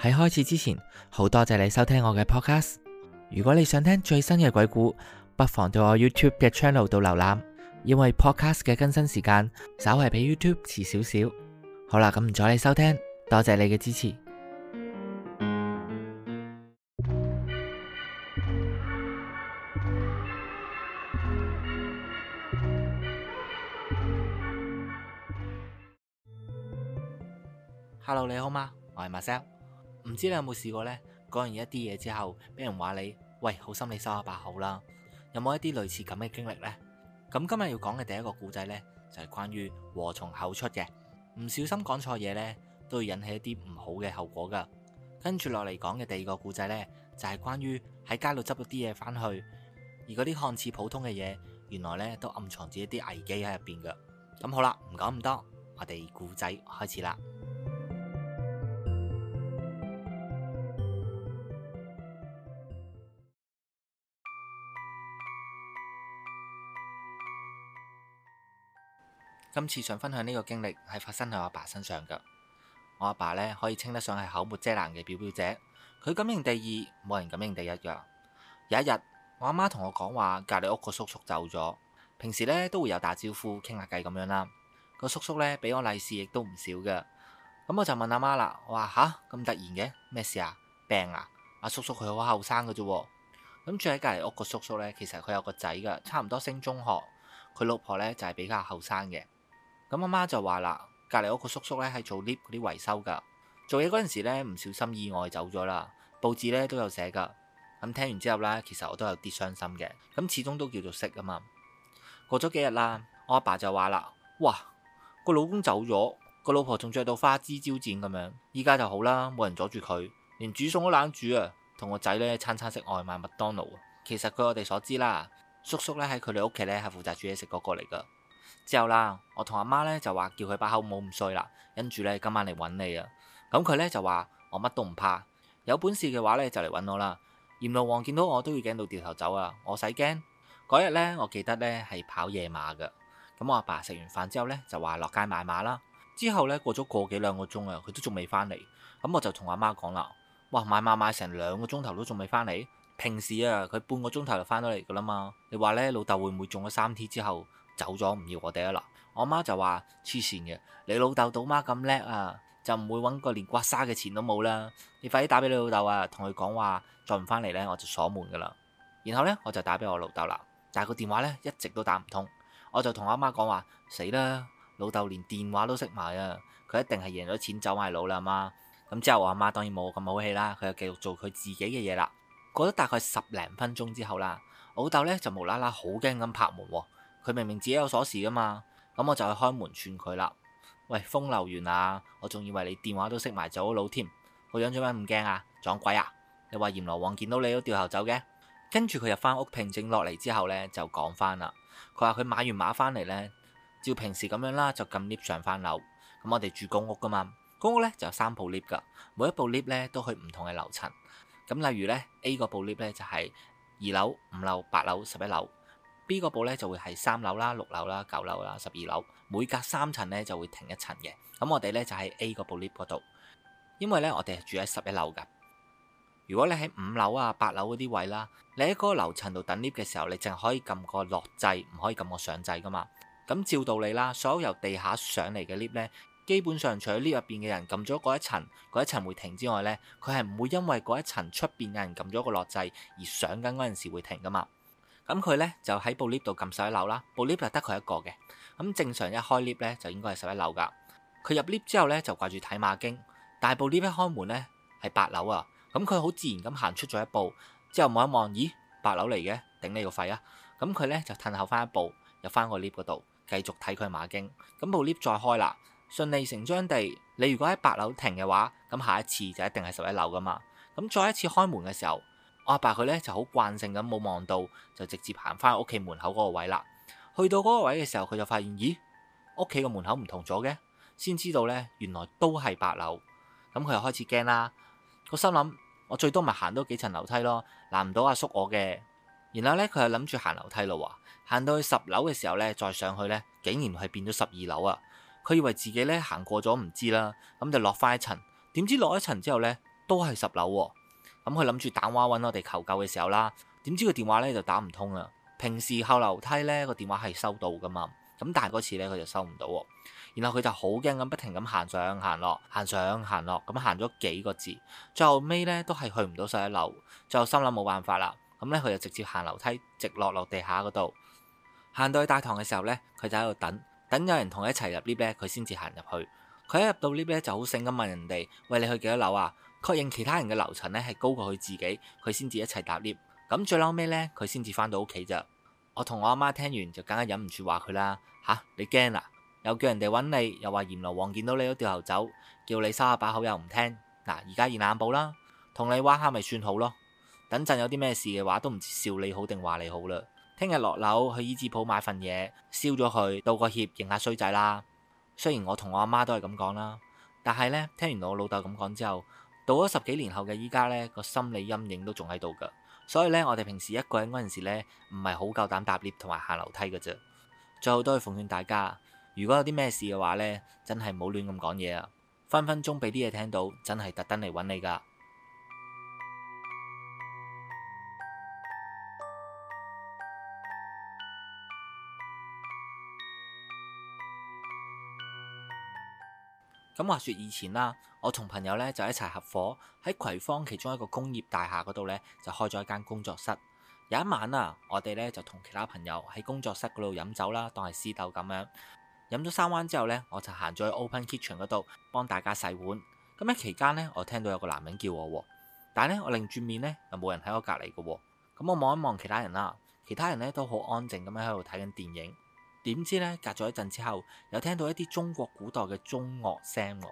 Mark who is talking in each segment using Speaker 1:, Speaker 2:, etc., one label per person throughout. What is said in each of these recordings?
Speaker 1: 喺開始之前，好多謝你收聽我嘅 podcast。如果你想聽最新嘅鬼故，不妨到我 YouTube 嘅 channel 度瀏覽，因為 podcast 嘅更新時間稍為比 YouTube 遲少少。好啦，咁唔阻你收聽，多謝你嘅支持。Hello，你好嗎？我係 Marcel。唔知你有冇試過呢？講完一啲嘢之後，俾人話你，喂，好心你收下把口啦。有冇一啲類似咁嘅經歷呢？咁今日要講嘅第一個故仔呢，就係、是、關於禍從口出嘅，唔小心講錯嘢呢，都會引起一啲唔好嘅後果噶。跟住落嚟講嘅第二個故仔呢，就係、是、關於喺街度執咗啲嘢返去，而嗰啲看似普通嘅嘢，原來呢都暗藏住一啲危機喺入邊噶。咁、嗯、好啦，唔講咁多，我哋故仔開始啦。今次想分享呢個經歷係發生喺我阿爸身上噶。我阿爸呢，可以稱得上係口沒遮攔嘅表表姐，佢敢認第二，冇人敢認第一噶。有一日，我阿媽同我講話隔籬屋個叔叔走咗，平時呢都會有打招呼、傾下偈咁樣啦。個叔叔呢，俾我利是，亦都唔少噶。咁我就問阿媽啦，我話吓，咁突然嘅咩事啊？病啊？阿叔叔佢好後生噶啫。咁住喺隔籬屋個叔叔呢，其實佢有個仔噶，差唔多升中學，佢老婆呢，就係比較後生嘅。咁阿媽就話啦，隔離嗰個叔叔呢係做升降機嗰啲維修噶，做嘢嗰陣時呢唔小心意外走咗啦。報紙呢都有寫噶。咁聽完之後呢，其實我都有啲傷心嘅。咁始終都叫做識啊嘛。過咗幾日啦，我阿爸就話啦，哇，個老公走咗，個老婆仲着到花枝招展咁樣。依家就好啦，冇人阻住佢，連煮餸都懶煮啊。同個仔呢餐餐食外賣麥當勞。其實據我哋所知啦，叔叔呢喺佢哋屋企呢係負責煮嘢食嗰個嚟噶。之後啦，我同阿媽咧就話叫佢把口冇咁衰啦，跟住咧今晚嚟搵你啊。咁佢咧就話，我乜都唔怕，有本事嘅話咧就嚟搵我啦。閻羅王見到我都要驚到掉頭走啊，我使驚。嗰日咧，我記得咧係跑夜馬噶。咁我阿爸食完飯之後咧就話落街買馬啦。之後咧過咗個幾兩個鐘啊，佢都仲未返嚟，咁我就同阿媽講啦：哇，買馬買成兩個鐘頭都仲未返嚟，平時啊佢半個鐘頭就返到嚟噶啦嘛。你話咧老豆會唔會中咗三 T 之後？走咗唔要我哋啦。我媽就話黐線嘅，你老豆賭馬咁叻啊？就唔會揾個連刮痧嘅錢都冇啦。你快啲打俾你老豆啊，同佢講話再唔返嚟，呢我就鎖門噶啦。然後呢，我就打俾我老豆啦，但係個電話呢一直都打唔通。我就同阿媽講話死啦，老豆連電話都熄埋啊，佢一定係贏咗錢走埋佬啦，媽。咁之後我阿媽當然冇咁好氣啦，佢又繼續做佢自己嘅嘢啦。過咗大概十零分鐘之後啦，我老豆呢就無啦啦好驚咁拍門。佢明明自己有鎖匙噶嘛，咁我就去開門串佢啦。喂，風流完啊？我仲以為你電話都熄埋走佬添，我樣做咩唔驚啊？撞鬼啊！你話閻羅王見到你都掉頭走嘅。跟住佢入翻屋平靜落嚟之後呢，就講翻啦。佢話佢買完馬翻嚟呢，照平時咁樣啦，就撳 lift 上翻樓。咁我哋住公屋噶嘛，公屋呢就有三部 lift 噶，每一部 lift 呢都去唔同嘅樓層。咁例如呢 A 個部 lift 呢就係、是、二樓、五樓、八樓、十一樓。B 個部咧就會係三樓啦、六樓啦、九樓啦、十二樓，每隔三層咧就會停一層嘅。咁我哋咧就喺 A 個部 lift 嗰度，因為咧我哋係住喺十一樓嘅。如果你喺五樓啊、八樓嗰啲位啦，你喺嗰個樓層度等 lift 嘅時候，你淨可以撳個落掣，唔可以撳個上掣噶嘛。咁照道理啦，所有由地下上嚟嘅 lift 咧，基本上除咗 lift 入邊嘅人撳咗嗰一層，嗰一層會停之外咧，佢係唔會因為嗰一層出邊嘅人撳咗個落掣而上緊嗰陣時會停噶嘛。咁佢咧就喺部 lift 度撳十一樓啦，部 lift 就得佢一個嘅。咁正常一開 lift 咧就應該係十一樓噶。佢入 lift 之後咧就掛住睇馬經，但部 lift 一開門咧係八樓啊。咁佢好自然咁行出咗一步，之後望一望，咦，八樓嚟嘅，頂你個肺啊！咁佢咧就褪後翻一步，入翻個 lift 嗰度繼續睇佢馬經。咁部 lift 再開啦，順利成章地，你如果喺八樓停嘅話，咁下一次就一定係十一樓噶嘛。咁再一次開門嘅時候，我阿爸佢咧就好慣性咁冇望到，就直接行翻屋企門口嗰個位啦。去到嗰個位嘅時候，佢就發現咦，屋企個門口唔同咗嘅，先知道呢，原來都係八樓，咁，佢又開始驚啦。個心諗我最多咪行多幾層樓梯咯，難唔到阿叔我嘅。然後呢，佢又諗住行樓梯咯喎，行到去十樓嘅時候呢，再上去呢，竟然係變咗十二樓啊！佢以為自己呢行過咗唔知啦，咁就落翻一層，點知落一層之後呢，都係十樓。咁佢諗住打電話揾我哋求救嘅時候啦，點知個電話呢就打唔通啊！平時後樓梯呢個電話係收到噶嘛，咁但係嗰次呢，佢就收唔到喎。然後佢就好驚咁不停咁行上行落，行上行落，咁行咗幾個字，最後尾呢都係去唔到上一樓。最後心諗冇辦法啦，咁呢，佢就直接行樓梯，直落落地下嗰度。行到去大堂嘅時候呢，佢就喺度等，等有人同佢一齊入 lift，佢先至行入去。佢一入到 lift，就好醒咁問人哋：喂，你去幾多樓啊？確認其他人嘅樓層咧係高過佢自己，佢先至一齊搭 lift。咁最嬲尾咧，佢先至翻到屋企咋。我同我阿媽聽完就梗係忍唔住話佢啦吓，你驚啦、啊？又叫人哋揾你，又話閻羅王見到你都掉頭走，叫你收下把口又唔聽嗱。而家現眼報啦，同你玩下咪算好咯。等陣有啲咩事嘅話，都唔知笑你好定話你好啦。聽日落樓去衣紙舖買份嘢燒咗佢，道個歉，認下衰仔啦。雖然我同我阿媽都係咁講啦，但係咧，聽完我老豆咁講之後。到咗十幾年後嘅依家，呢個心理陰影都仲喺度噶，所以呢，我哋平時一個人嗰陣時咧，唔係好夠膽搭 lift 同埋行樓梯噶啫。最後都係奉勸大家，如果有啲咩事嘅話呢，真係唔好亂咁講嘢啊，分分鐘俾啲嘢聽到，真係特登嚟揾你噶咁話説以前啦，我同朋友咧就一齊合伙，喺葵芳其中一個工業大廈嗰度咧，就開咗一間工作室。有一晚啊，我哋咧就同其他朋友喺工作室嗰度飲酒啦，當係私鬥咁樣。飲咗三彎之後咧，我就行咗去 open kitchen 嗰度幫大家洗碗。咁喺期間咧，我聽到有個男人叫我，但係咧我擰轉面咧又冇人喺我隔離嘅。咁我望一望其他人啦，其他人咧都好安靜咁樣喺度睇緊電影。點知咧？隔咗一陣之後，又聽到一啲中國古代嘅中樂聲喎，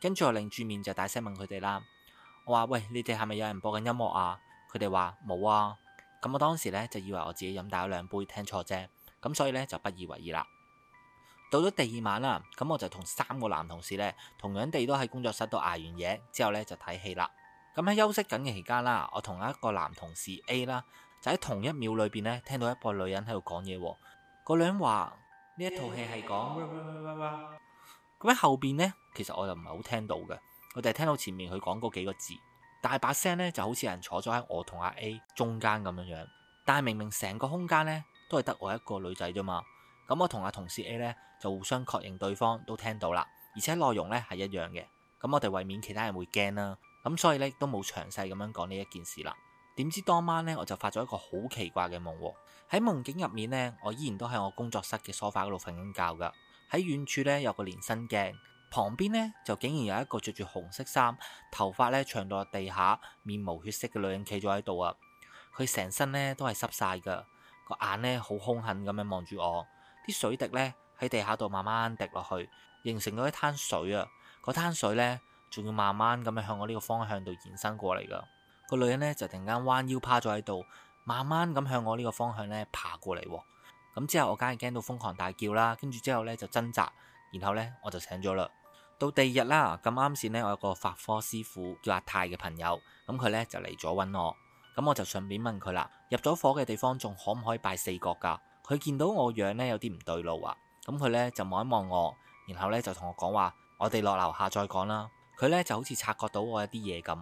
Speaker 1: 跟住我擰住面就大聲問佢哋啦。我話：喂，你哋係咪有人播緊音樂啊？佢哋話冇啊。咁我當時咧就以為我自己飲大咗兩杯，聽錯啫。咁所以咧就不以為意啦。到咗第二晚啦，咁我就同三個男同事咧，同樣地都喺工作室度捱完夜之後咧就睇戲啦。咁喺休息緊嘅期間啦，我同一個男同事 A 啦，就喺同一秒裏邊咧聽到一個女人喺度講嘢喎。我哋話，呢一套戲係講咁，喺後邊呢，其實我又唔係好聽到嘅，我哋係聽到前面佢講嗰幾個字，大把聲呢就好似有人坐咗喺我同阿 A 中間咁樣樣，但係明明成個空間呢都係得我一個女仔咋嘛，咁我同阿同事 A 呢就互相確認對方都聽到啦，而且內容呢係一樣嘅，咁我哋為免其他人會驚啦，咁所以呢都冇詳細咁樣講呢一件事啦。點知當晚呢，我就發咗一個好奇怪嘅夢喎。喺夢境入面呢，我依然都喺我工作室嘅梳化嗰度瞓緊覺噶。喺遠處呢，有個連身鏡，旁邊呢，就竟然有一個着住紅色衫、頭髮呢長到落地下、面無血色嘅女人企咗喺度啊。佢成身呢都係濕晒噶，個眼呢好凶狠咁樣望住我，啲水滴呢，喺地下度慢慢滴落去，形成咗一灘水啊。嗰灘水呢，仲要慢慢咁樣向我呢個方向度延伸過嚟噶。個女人咧就突然間彎腰趴咗喺度，慢慢咁向我呢個方向咧爬過嚟。咁之後我梗係驚到瘋狂大叫啦，跟住之後咧就掙扎，然後咧我就醒咗啦。到第二日啦，咁啱先咧，我有個法科師傅叫阿泰嘅朋友，咁佢咧就嚟咗揾我，咁我就順便問佢啦，入咗火嘅地方仲可唔可以拜四角噶？佢見到我樣咧有啲唔對路啊，咁佢咧就望一望我，然後咧就同我講話，我哋落樓下再講啦。佢咧就好似察覺到我一啲嘢咁。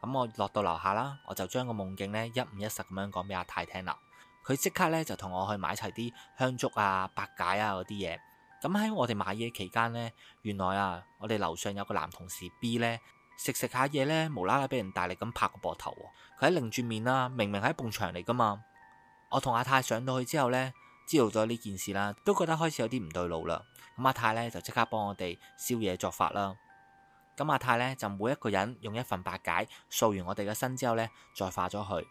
Speaker 1: 咁我落到樓下啦，我就將個夢境咧一五一十咁樣講俾阿太聽啦。佢即刻咧就同我去買齊啲香燭啊、百解啊嗰啲嘢。咁喺我哋買嘢期間呢，原來啊，我哋樓上有個男同事 B 呢，食食下嘢呢無啦啦俾人大力咁拍個膊頭喎。佢喺擰轉面啦，明明係一埲牆嚟噶嘛。我同阿太上到去之後呢，知道咗呢件事啦，都覺得開始有啲唔對路啦。咁阿太呢，就即刻幫我哋燒嘢作法啦。咁阿太咧就每一個人用一份白解掃完我哋嘅身之後咧，再化咗佢。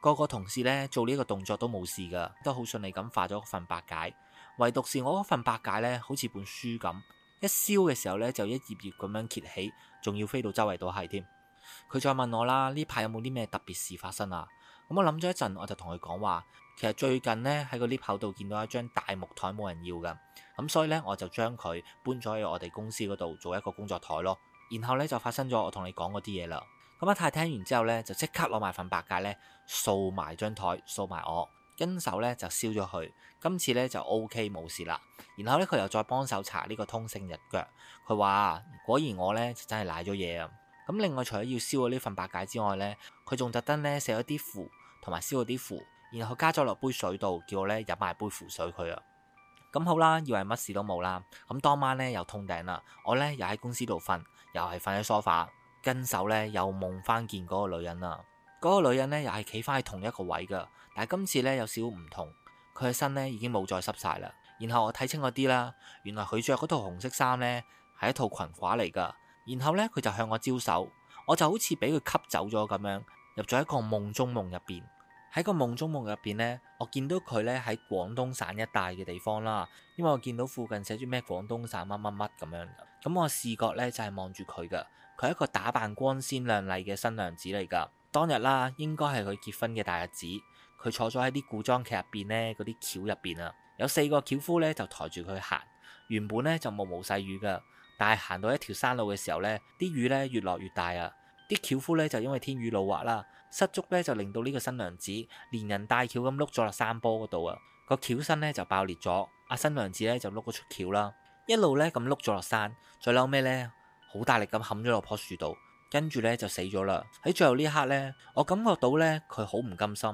Speaker 1: 個個同事咧做呢個動作都冇事噶，都好順利咁化咗份白解。唯獨是我份白解咧，好似本書咁，一燒嘅時候咧就一頁頁咁樣揭起，仲要飛到周圍都係添。佢再問我啦，呢排有冇啲咩特別事發生啊？咁、嗯、我諗咗一陣，我就同佢講話，其實最近咧喺個 lift 口度見到一張大木台冇人要嘅，咁所以咧我就將佢搬咗去我哋公司嗰度做一個工作台咯。然後咧就發生咗我同你講嗰啲嘢啦。咁阿太聽完之後咧，就即刻攞埋份白戒咧掃埋張台，掃埋我，跟手咧就燒咗佢。今次咧就 OK 冇事啦。然後咧佢又再幫手查呢個通勝日腳，佢話果然我咧就真係瀨咗嘢啊。咁另外除咗要燒咗呢份白戒之外咧，佢仲特登咧寫咗啲符，同埋燒咗啲符，然後加咗落杯水度，叫我咧飲埋杯符水佢啊。咁好啦，以為乜事都冇啦。咁當晚呢，又通頂啦，我呢，又喺公司度瞓，又係瞓喺梳化。跟手呢，又夢翻見嗰個女人啦。嗰、嗰個女人呢，又係企翻喺同一個位噶，但係今次呢，有少少唔同，佢嘅身呢，已經冇再濕晒啦。然後我睇清嗰啲啦，原來佢着嗰套紅色衫呢，係一套裙褂嚟噶。然後呢，佢就向我招手，我就好似俾佢吸走咗咁樣，入咗一個夢中夢入邊。喺個夢中夢入邊呢，我見到佢咧喺廣東省一帶嘅地方啦，因為我見到附近寫住咩廣東省乜乜乜咁樣。咁我視覺呢就係望住佢噶，佢係一個打扮光鮮亮麗嘅新娘子嚟噶。當日啦，應該係佢結婚嘅大日子，佢坐咗喺啲古裝劇入邊呢嗰啲轎入邊啊，有四個轎夫呢就抬住佢行。原本呢就冇毛細雨噶，但係行到一條山路嘅時候呢，啲雨呢越落越大啊，啲轎夫呢就因為天雨路滑啦。失足咧就令到呢個新娘子連人帶橋咁碌咗落山坡嗰度啊！個橋身咧就爆裂咗，阿新娘子咧就碌咗出橋啦，一路咧咁碌咗落山，最嬲咩咧？好大力咁冚咗落棵樹度，跟住咧就死咗啦！喺最後呢刻咧，我感覺到咧佢好唔甘心，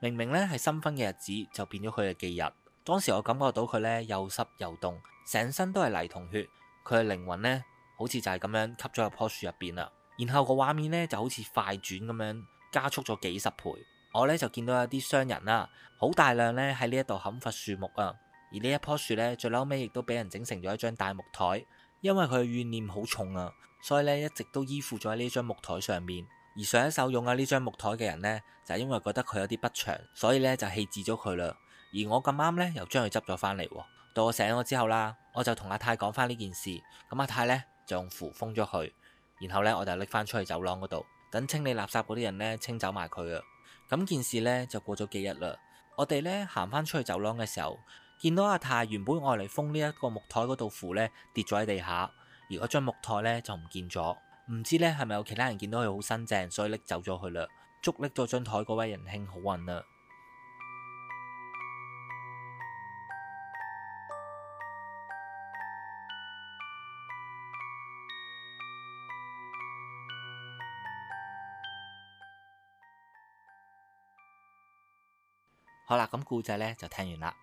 Speaker 1: 明明咧係新婚嘅日子就變咗佢嘅忌日。當時我感覺到佢咧又濕又凍，成身都係泥同血，佢嘅靈魂咧好似就係咁樣吸咗入棵樹入邊啦。然後個畫面咧就好似快轉咁樣。加速咗幾十倍，我呢就見到有啲商人啦，好大量呢喺呢一度砍伐樹木啊。而呢一棵樹呢，最嬲尾亦都俾人整成咗一張大木枱，因為佢嘅怨念好重啊，所以呢一直都依附咗喺呢張木枱上面。而上一手用啊呢張木枱嘅人呢，就因為覺得佢有啲不祥，所以呢就棄置咗佢啦。而我咁啱呢，又將佢執咗返嚟。到我醒咗之後啦，我就同阿泰講返呢件事，咁阿泰呢，就用符封咗佢，然後呢，我就拎返出去走廊嗰度。等清理垃圾嗰啲人呢，清走埋佢啊。咁件事呢就過咗幾日啦。我哋呢行返出去走廊嘅時候，見到阿太原本愛嚟封呢一個木台嗰度扶呢跌咗喺地下，而嗰張木台呢就唔見咗。唔知呢係咪有其他人見到佢好新淨，所以拎走咗佢嘞？祝拎咗張台嗰位仁兄好運啊。好啦，咁故仔咧就聽完啦。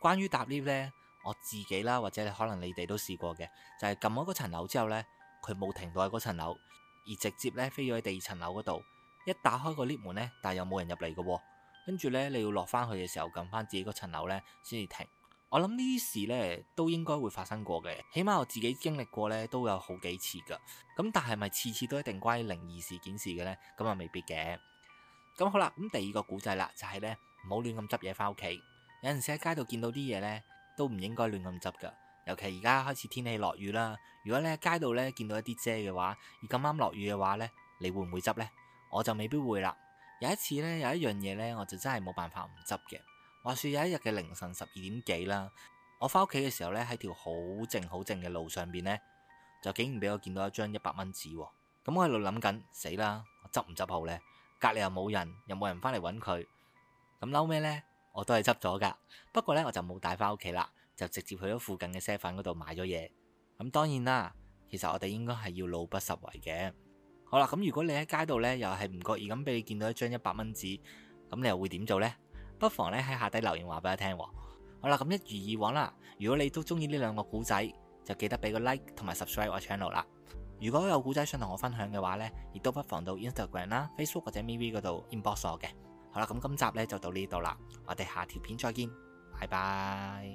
Speaker 1: 關於搭 lift 咧，我自己啦，或者可能你哋都試過嘅，就係撳咗嗰層樓之後咧，佢冇停到喺嗰層樓，而直接咧飛咗喺第二層樓嗰度。一打開個 lift 門咧，但係又冇人入嚟嘅。跟住咧，你要落翻去嘅時候，撳翻自己嗰層樓咧先至停。我諗呢啲事咧都應該會發生過嘅，起碼我自己經歷過咧都有好幾次噶。咁但係咪次次都一定關於靈異事件事嘅咧？咁啊未必嘅。咁、嗯、好啦，咁第二個故仔啦，就係、是、咧。唔好亂咁執嘢返屋企。有陣時喺街度見到啲嘢呢，都唔應該亂咁執噶。尤其而家開始天氣落雨啦。如果你喺街度呢見到一啲遮嘅話，而咁啱落雨嘅話呢，你會唔會執呢？我就未必會啦。有一次呢，有一樣嘢呢，我就真係冇辦法唔執嘅。話說有一日嘅凌晨十二點幾啦，我返屋企嘅時候呢，喺條好靜好靜嘅路上邊呢，就竟然俾我見到一張一百蚊紙。咁我喺度諗緊，死啦，我執唔執好呢？隔籬又冇人，又冇人返嚟揾佢。咁最尾呢，我都係執咗噶，不過呢，我就冇帶翻屋企啦，就直接去咗附近嘅 seven 嗰度買咗嘢。咁當然啦，其實我哋應該係要路不拾遺嘅好啦，咁如果你喺街度呢，又係唔覺意咁俾你見到一張一百蚊紙，咁你又會點做呢？不妨呢，喺下底留言話俾我聽。好啦，咁一如以往啦，如果你都中意呢兩個古仔，就記得俾個 like 同埋 subscribe 我 channel 啦。如果有古仔想同我分享嘅話呢，亦都不妨到 Instagram 啦、Facebook 或者 MeWe 嗰度 inbox 我嘅。好啦，咁今集呢就到呢度啦，我哋下條片再見，拜拜。